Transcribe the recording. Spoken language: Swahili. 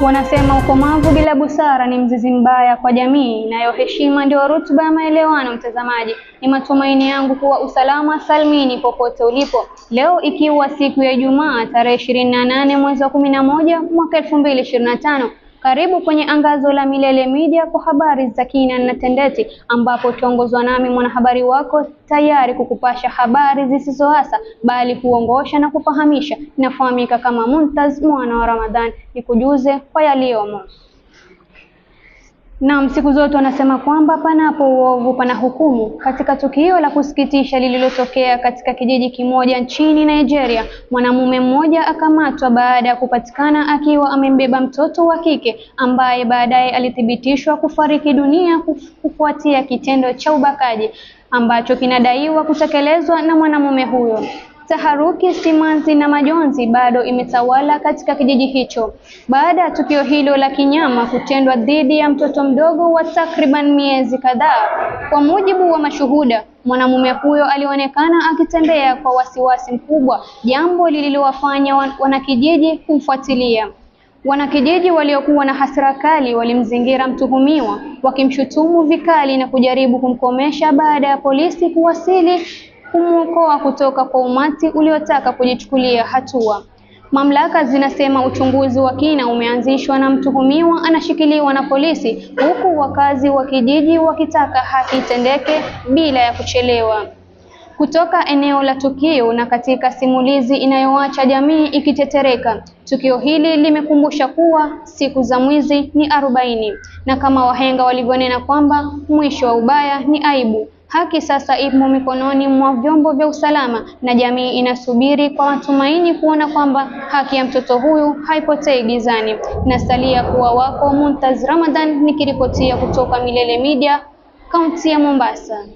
Wanasema ukomavu bila busara ni mzizi mbaya kwa jamii, nayo heshima ndio rutuba ya maelewano. Mtazamaji, ni matumaini yangu kuwa usalama salmini popote ulipo. Leo ikiwa siku ya Ijumaa tarehe ishirini na nane mwezi wa kumi na moja mwaka 2025 tano karibu kwenye angazo la Milele Media kwa habari za kina na tendeti, ambapo tuongozwa nami mwanahabari wako tayari kukupasha habari zisizoasa bali kuongosha na kufahamisha. Inafahamika kama Muntaz mwana wa Ramadhan, nikujuze kwa yaliyomo. Naam, siku zote wanasema kwamba panapo uovu pana hukumu. Katika tukio la kusikitisha lililotokea katika kijiji kimoja nchini Nigeria, mwanamume mmoja akamatwa baada ya kupatikana akiwa amembeba mtoto wa kike ambaye baadaye alithibitishwa kufariki dunia kufuatia kitendo cha ubakaji ambacho kinadaiwa kutekelezwa na mwanamume huyo. Taharuki, simanzi na majonzi bado imetawala katika kijiji hicho baada ya tukio hilo la kinyama kutendwa dhidi ya mtoto mdogo wa takriban miezi kadhaa. Kwa mujibu wa mashuhuda, mwanamume huyo alionekana akitembea kwa wasiwasi mkubwa, jambo lililowafanya wanakijiji kumfuatilia. Wanakijiji waliokuwa na hasira kali walimzingira mtuhumiwa wakimshutumu vikali na kujaribu kumkomesha baada ya polisi kuwasili kumwokoa kutoka kwa umati uliotaka kujichukulia hatua. Mamlaka zinasema uchunguzi wa kina umeanzishwa na mtuhumiwa anashikiliwa na polisi, huku wakazi wa kijiji wakitaka haki itendeke bila ya kuchelewa. Kutoka eneo la tukio na katika simulizi inayoacha jamii ikitetereka, tukio hili limekumbusha kuwa siku za mwizi ni arobaini, na kama wahenga walivyonena kwamba mwisho wa ubaya ni aibu, Haki sasa ipo mikononi mwa vyombo vya usalama na jamii inasubiri kwa matumaini kuona kwamba haki ya mtoto huyu haipotei gizani. Nasalia kuwa wako Muntaz Ramadhan nikiripotia kutoka Milele Media, kaunti ya Mombasa.